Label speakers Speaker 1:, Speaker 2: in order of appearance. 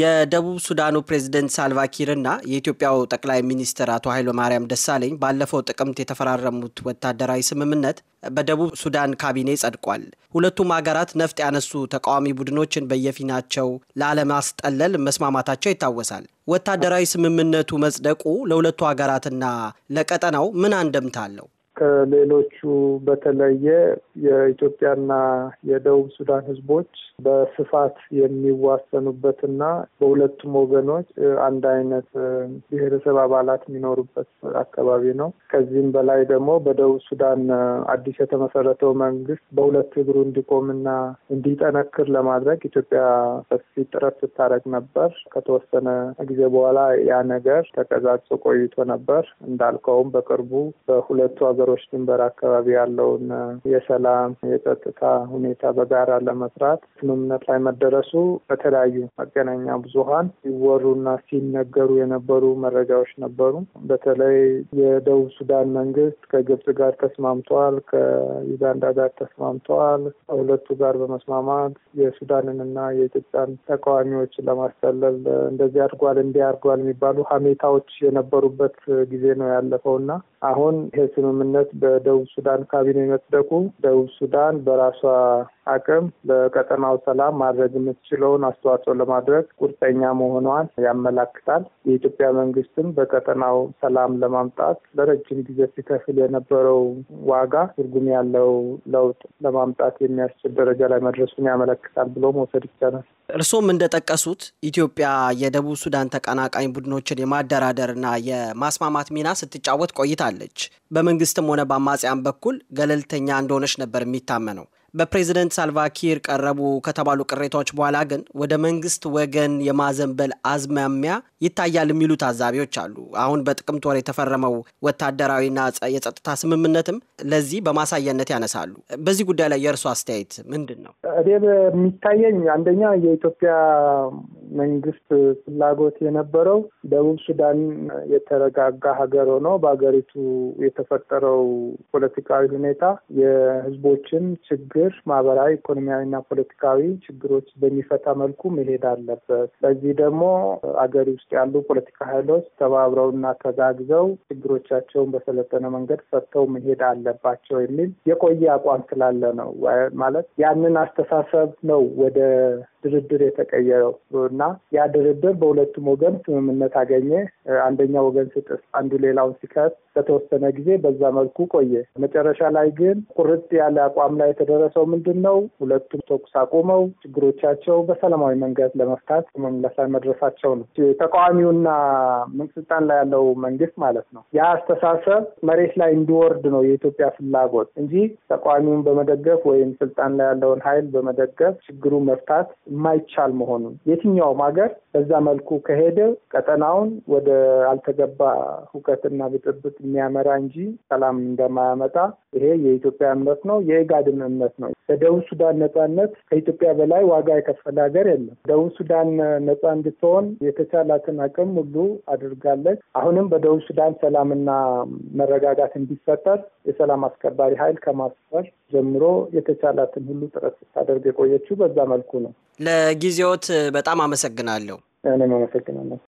Speaker 1: የደቡብ ሱዳኑ ፕሬዝደንት ሳልቫኪር እና የኢትዮጵያው ጠቅላይ ሚኒስትር አቶ ማርያም ደሳለኝ ባለፈው ጥቅምት የተፈራረሙት ወታደራዊ ስምምነት በደቡብ ሱዳን ካቢኔ ጸድቋል። ሁለቱም ሀገራት ነፍጥ ያነሱ ተቃዋሚ ቡድኖችን በየፊናቸው ላለማስጠለል መስማማታቸው ይታወሳል። ወታደራዊ ስምምነቱ መጽደቁ ለሁለቱ ሀገራትና ለቀጠናው ምን አንደምታ አለው?
Speaker 2: ከሌሎቹ በተለየ የኢትዮጵያና የደቡብ ሱዳን ህዝቦች በስፋት የሚዋሰኑበትና በሁለቱም ወገኖች አንድ አይነት ብሔረሰብ አባላት የሚኖሩበት አካባቢ ነው። ከዚህም በላይ ደግሞ በደቡብ ሱዳን አዲስ የተመሰረተው መንግስት በሁለት እግሩ እንዲቆምና እንዲጠነክር ለማድረግ ኢትዮጵያ ሰፊ ጥረት ስታደርግ ነበር። ከተወሰነ ጊዜ በኋላ ያ ነገር ተቀዛጽ ቆይቶ ነበር። እንዳልከውም በቅርቡ በሁለቱ ሀገሮች ሀገሮች ድንበር አካባቢ ያለውን የሰላም የጸጥታ ሁኔታ በጋራ ለመስራት ስምምነት ላይ መደረሱ በተለያዩ መገናኛ ብዙኃን ሲወሩና ሲነገሩ የነበሩ መረጃዎች ነበሩ። በተለይ የደቡብ ሱዳን መንግስት ከግብጽ ጋር ተስማምተዋል፣ ከዩጋንዳ ጋር ተስማምተዋል። ከሁለቱ ጋር በመስማማት የሱዳንንና የኢትዮጵያን ተቃዋሚዎች ለማስጠለል እንደዚህ አድርጓል እንዲህ አድርጓል የሚባሉ ሀሜታዎች የነበሩበት ጊዜ ነው ያለፈው እና አሁን ይሄ ስምምነት ስምምነት በደቡብ ሱዳን ካቢኔ መጽደቁ ደቡብ ሱዳን በራሷ አቅም በቀጠናው ሰላም ማድረግ የምትችለውን አስተዋጽኦ ለማድረግ ቁርጠኛ መሆኗን ያመላክታል። የኢትዮጵያ መንግስትም በቀጠናው ሰላም ለማምጣት ለረጅም ጊዜ ሲከፍል የነበረው ዋጋ ትርጉም ያለው ለውጥ ለማምጣት የሚያስችል ደረጃ ላይ መድረሱን ያመለክታል ብሎ መውሰድ ይቻላል።
Speaker 1: እርሶም እንደጠቀሱት ኢትዮጵያ የደቡብ ሱዳን ተቀናቃኝ ቡድኖችን የማደራደርና የማስማማት ሚና ስትጫወት ቆይታለች። በመንግስትም ሆነ በአማጽያን በኩል ገለልተኛ እንደሆነች ነበር የሚታመነው። በፕሬዝደንት ሳልቫኪር ቀረቡ ከተባሉ ቅሬታዎች በኋላ ግን ወደ መንግስት ወገን የማዘንበል አዝማሚያ ይታያል የሚሉ ታዛቢዎች አሉ። አሁን በጥቅምት ወር የተፈረመው ወታደራዊና የጸጥታ ስምምነትም ለዚህ በማሳያነት ያነሳሉ። በዚህ ጉዳይ ላይ የእርሱ አስተያየት ምንድን ነው?
Speaker 2: እኔ የሚታየኝ አንደኛ የኢትዮጵያ መንግስት ፍላጎት የነበረው ደቡብ ሱዳን የተረጋጋ ሀገር ሆኖ በሀገሪቱ የተፈጠረው ፖለቲካዊ ሁኔታ የህዝቦችን ችግር ማህበራዊ፣ ኢኮኖሚያዊና ፖለቲካዊ ችግሮች በሚፈታ መልኩ መሄድ አለበት። በዚህ ደግሞ አገሪ ውስጥ ያሉ ፖለቲካ ኃይሎች ተባብረውና ተጋግዘው ችግሮቻቸውን በሰለጠነ መንገድ ፈተው መሄድ አለባቸው የሚል የቆየ አቋም ስላለ ነው። ማለት ያንን አስተሳሰብ ነው ወደ ድርድር የተቀየረው እና ያ ድርድር በሁለቱም ወገን ስምምነት አገኘ። አንደኛ ወገን ስጥስ፣ አንዱ ሌላውን ሲከስ በተወሰነ ጊዜ በዛ መልኩ ቆየ። መጨረሻ ላይ ግን ቁርጥ ያለ አቋም ላይ የተደረሰው ምንድን ነው? ሁለቱም ተኩስ አቁመው ችግሮቻቸው በሰላማዊ መንገድ ለመፍታት ስምምነት ላይ መድረሳቸው ነው። ተቃዋሚውና ስልጣን ላይ ያለው መንግስት ማለት ነው። ያ አስተሳሰብ መሬት ላይ እንዲወርድ ነው የኢትዮጵያ ፍላጎት እንጂ ተቃዋሚውን በመደገፍ ወይም ስልጣን ላይ ያለውን ኃይል በመደገፍ ችግሩ መፍታት የማይቻል መሆኑን የትኛውም ሀገር በዛ መልኩ ከሄደ ቀጠናውን ወደ አልተገባ ሁከትና ብጥብጥ የሚያመራ እንጂ ሰላም እንደማያመጣ ይሄ የኢትዮጵያ እምነት ነው፣ የኢጋድም እምነት ነው። በደቡብ ሱዳን ነጻነት ከኢትዮጵያ በላይ ዋጋ የከፈለ ሀገር የለም። ደቡብ ሱዳን ነጻ እንድትሆን የተቻላት ያላትን አቅም ሁሉ አድርጋለች። አሁንም በደቡብ ሱዳን ሰላምና መረጋጋት እንዲፈጠር የሰላም አስከባሪ ኃይል ከማስፈር ጀምሮ የተቻላትን ሁሉ ጥረት ስታደርግ የቆየችው በዛ መልኩ ነው።
Speaker 1: ለጊዜዎት በጣም አመሰግናለሁ። እኔም አመሰግናለሁ።